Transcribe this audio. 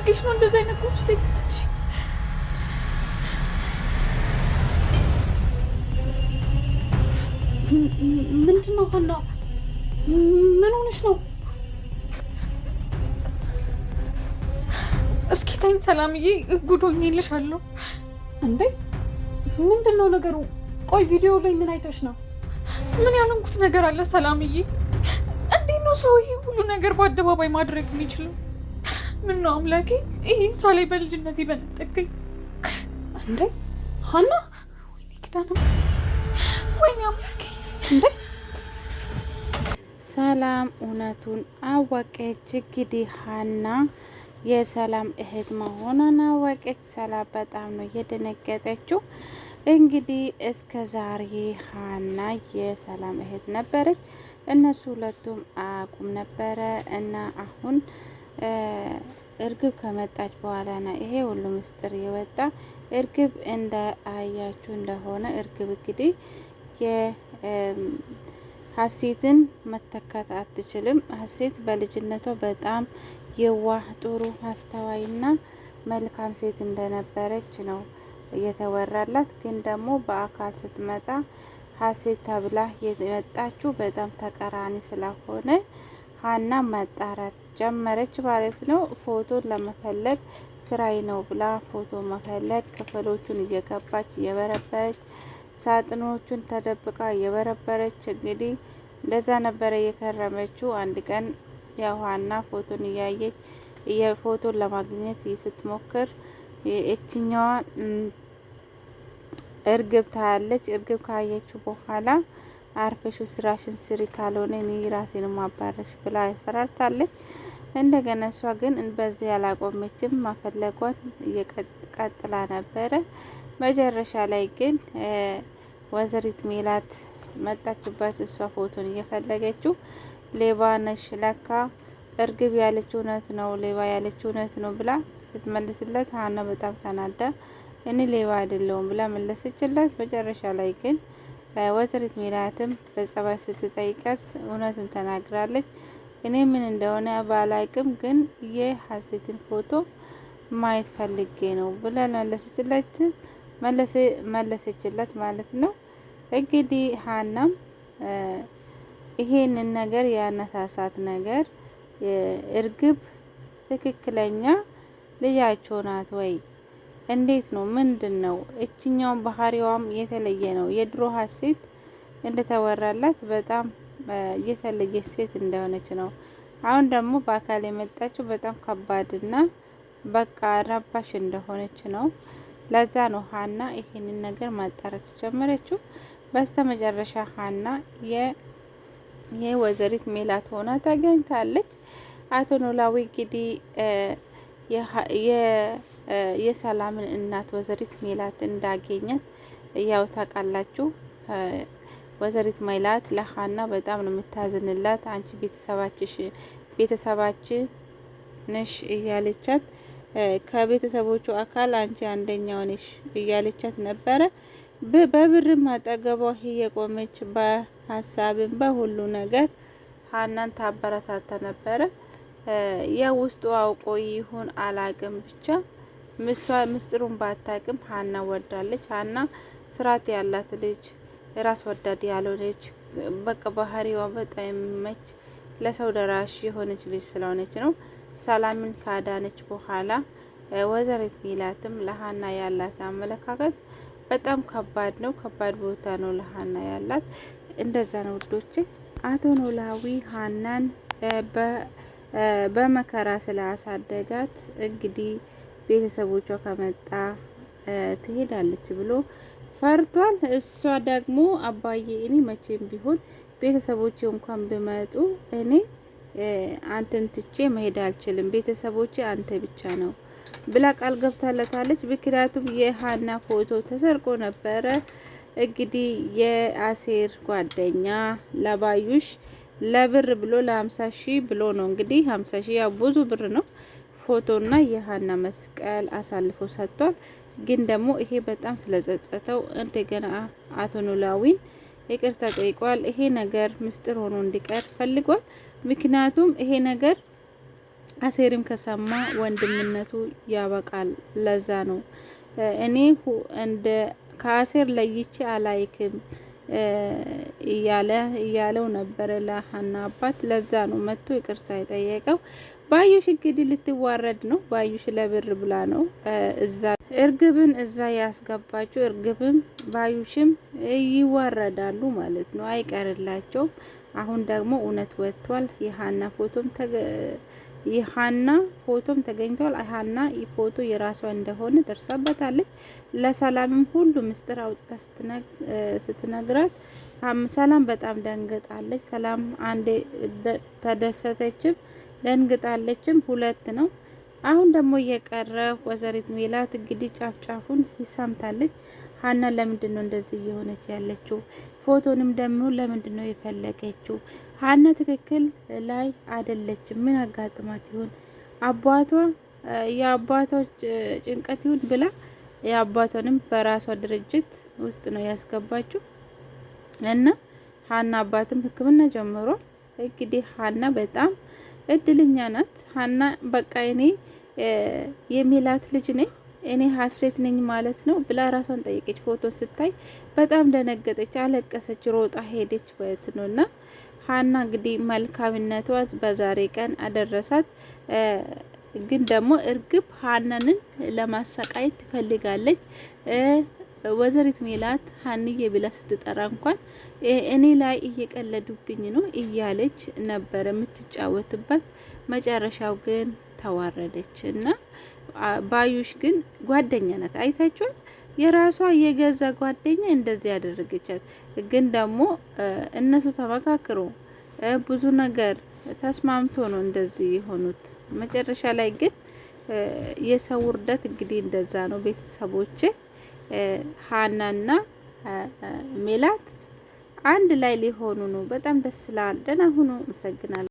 አድርገሽ ነው እንደዚህ አይነት ውስጥ የከተትሽ? ምንድን ነው ሀና? ምን ሆነሽ ነው? እስኪ ታይም ሰላምዬ፣ ጉዶኝ እልሻለሁ። እንዴ ምንድን ነው ነገሩ? ቆይ ቪዲዮ ላይ ምን አይተሽ ነው? ምን ያልንኩት ነገር አለ ሰላምዬ? እንዴት ነው ሰው ይሄ ሁሉ ነገር በአደባባይ ማድረግ የሚችለው? ምን ነው አምላኬ፣ ይህ እሷ ላይ በልጅነት በነጠቀኝ እንዴ! ሀና፣ ወይኔ ኪዳነ ወይኔ አምላኬ እንዴ! ሰላም እውነቱን አወቀች። እንግዲህ ሀና የሰላም እህት መሆኗን አወቀች። ሰላም በጣም ነው እየደነገጠችው። እንግዲህ እስከ ዛሬ ሀና የሰላም እህት ነበረች። እነሱ ሁለቱም አቁም ነበረ እና አሁን እርግብ ከመጣች በኋላ ነው ይሄ ሁሉ ምስጢር የወጣ። እርግብ እንደ አያችሁ እንደሆነ እርግብ እንግዲህ የሀሴትን መተካት አትችልም። ሀሴት በልጅነቷ በጣም የዋህ ጥሩ አስተዋይና መልካም ሴት እንደነበረች ነው እየተወራላት። ግን ደግሞ በአካል ስትመጣ ሀሴት ተብላ የመጣችው በጣም ተቃራኒ ስለሆነ ሀና መጣራት ጀመረች ማለት ነው። ፎቶን ለመፈለግ ስራዬ ነው ብላ ፎቶ መፈለግ ክፍሎቹን እየገባች እየበረበረች፣ ሳጥኖቹን ተደብቃ እየበረበረች እንግዲህ እንደዛ ነበረ የከረመችው አንድ ቀን የውሃና ፎቶን እያየች የፎቶን ለማግኘት ስትሞክር የችኛዋ እርግብ ታያለች። እርግብ ካየችው በኋላ አርፈሽ ስራሽን ስሪ፣ ካልሆነ እኔ ራሴን ማባረሽ ብላ ያስፈራርታለች። እንደገና እሷ ግን በዚህ ያላቆመችም ማፈለጓን እየቀጥላ ነበረ። መጨረሻ ላይ ግን ወይዘሪት ሜላት መጣችባት። እሷ ፎቶን እየፈለገችው ሌባ ነሽ ለካ እርግብ ያለች እውነት ነው፣ ሌባ ያለች እውነት ነው ብላ ስትመልስለት ሀና በጣም ተናዳ እኔ ሌባ አይደለውም ብላ መለሰችለት መጨረሻ ላይ ግን ወይዘሪት ሜላትም በጸባይ ስትጠይቃት እውነቱን ተናግራለች። እኔ ምን እንደሆነ ባላቅም ግን ሀሴትን ፎቶ ማየት ፈልጌ ነው ብላ መለሰችላት መለሰችላት ማለት ነው። እንግዲህ ሀናም ይሄንን ነገር ያነሳሳት ነገር እርግብ ትክክለኛ ልጃቸው ናት ወይ? እንዴት ነው? ምንድን ነው? እችኛውን ባህሪዋም የተለየ ነው። የድሮ ሀሴት እንደተወራላት በጣም የተለየች ሴት እንደሆነች ነው። አሁን ደግሞ በአካል የመጣችው በጣም ከባድና በቃ ረባሽ እንደሆነች ነው። ለዛ ነው ሀና ይሄንን ነገር ማጣራት ጀመረችው። በስተ መጨረሻ ሀና የወይዘሪት ሜላት ሆና ታገኝታለች። አቶ ኖላዊ እንግዲህ የሰላምን እናት ወይዘሪት ሜላት እንዳገኘት ያው ታውቃላችሁ። ወይዘሪት ማይላት ለሀና በጣም ነው የምታዝንላት። አንቺ ቤተሰባችሽ ነሽ እያለቻት ከቤተሰቦቹ አካል አንቺ አንደኛው ነሽ እያለቻት ነበረ። በብርም አጠገቧ እየቆመች በሀሳብም በሁሉ ነገር ሀናን ታበረታታ ነበረ። የውስጡ አውቆ ይሁን አላቅም ብቻ ምስጢሩን ባታቅም ሀና ወዳለች። ሀና ስርዓት ያላት ልጅ ራስ ወዳድ ያልሆነች በቃ ባህሪዋ በጣም የሚመች ለሰው ደራሽ የሆነች ልጅ ስለሆነች ነው። ሰላምን ካዳነች በኋላ ወይዘሪት ሚላትም ለሀና ያላት አመለካከት በጣም ከባድ ነው። ከባድ ቦታ ነው ለሀና ያላት። እንደዛ ነው ውዶች። አቶ ኖላዊ ሀናን በመከራ ስላሳደጋት እንግዲህ ቤተሰቦቿ ከመጣ ትሄዳለች ብሎ ፈርቷል። እሷ ደግሞ አባዬ እኔ መቼም ቢሆን ቤተሰቦቼ እንኳን ብመጡ እኔ አንተን ትቼ መሄድ አልችልም፣ ቤተሰቦቼ አንተ ብቻ ነው ብላ ቃል ገብታለታለች። ምክንያቱም የሀና ፎቶ ተሰርቆ ነበረ። እንግዲህ የአሴር ጓደኛ ለባዩሽ ለብር ብሎ ለሀምሳ ሺህ ብሎ ነው እንግዲህ ሀምሳ ሺ ያው ብዙ ብር ነው። ፎቶና የሀና መስቀል አሳልፎ ሰጥቷል። ግን ደግሞ ይሄ በጣም ስለጸጸተው እንደገና አቶ ኖላዊን ይቅርታ ጠይቋል። ይሄ ነገር ምስጢር ሆኖ እንዲቀር ፈልጓል። ምክንያቱም ይሄ ነገር አሴርም ከሰማ ወንድምነቱ ያበቃል። ለዛ ነው እኔ እንደ ከአሴር ለይቼ አላይክም እያለ እያለው ነበር ለሀና አባት። ለዛ ነው መጥቶ ይቅርታ የጠየቀው። ባዩሽ እንግዲህ ልትዋረድ ነው። ባዩሽ ለብር ብላ ነው እዛ እርግብን እዛ ያስገባችው። እርግብም ባዩሽም ይዋረዳሉ ማለት ነው፣ አይቀርላቸውም። አሁን ደግሞ እውነት ወጥቷል። የሀና ፎቶም የሀና ፎቶም ተገኝቷል። ሀና ፎቶ የራሷ እንደሆነ ደርሳበታለች። ለሰላምም ሁሉ ምስጢር አውጥታ ስትነግራት ሰላም በጣም ደንግጣለች። ሰላም አንድ ተደሰተችም ደንግጣለችም፣ ሁለት ነው። አሁን ደግሞ የቀረ ወይዘሪት ሜላት እንግዲህ ጫፍ ጫፉን ይሰምታለች። ሀና ለምንድን ነው እንደዚህ እየሆነች ያለችው? ፎቶንም ደግሞ ለምንድን ነው የፈለገችው? ሀና ትክክል ላይ አይደለችም። ምን አጋጥማት ይሆን? አባቷ የአባቷ ጭንቀት ይሁን ብላ የአባቷንም በራሷ ድርጅት ውስጥ ነው ያስገባችው እና ሀና አባትም ሕክምና ጀምሯል። እንግዲህ ሀና በጣም እድልኛ ናት። ሀና በቃ እኔ የሚላት ልጅ ነኝ እኔ ሀሴት ነኝ ማለት ነው ብላ ራሷን ጠየቀች። ፎቶ ስታይ በጣም ደነገጠች፣ አለቀሰች፣ ሮጣ ሄደች በት ነው እና ሀና እንግዲህ መልካምነቷ በዛሬ ቀን አደረሳት። ግን ደግሞ እርግብ ሀናንን ለማሰቃየት ትፈልጋለች። ወይዘሪት ሜላት ሀንዬ ብላ ስትጠራ እንኳን እኔ ላይ እየቀለዱብኝ ነው እያለች ነበረ የምትጫወትበት። መጨረሻው ግን ተዋረደች እና ባዩሽ ግን ጓደኛ ናት። አይታችኋል። የራሷ የገዛ ጓደኛ እንደዚህ ያደረገቻት። ግን ደግሞ እነሱ ተመካክሮ ብዙ ነገር ተስማምቶ ነው እንደዚህ የሆኑት። መጨረሻ ላይ ግን የሰው ውርደት እንግዲህ እንደዛ ነው። ቤተሰቦች ሀናና ሜላት አንድ ላይ ሊሆኑ ነው። በጣም ደስ ይላል። ደህና ሁኑ። አመሰግናለሁ።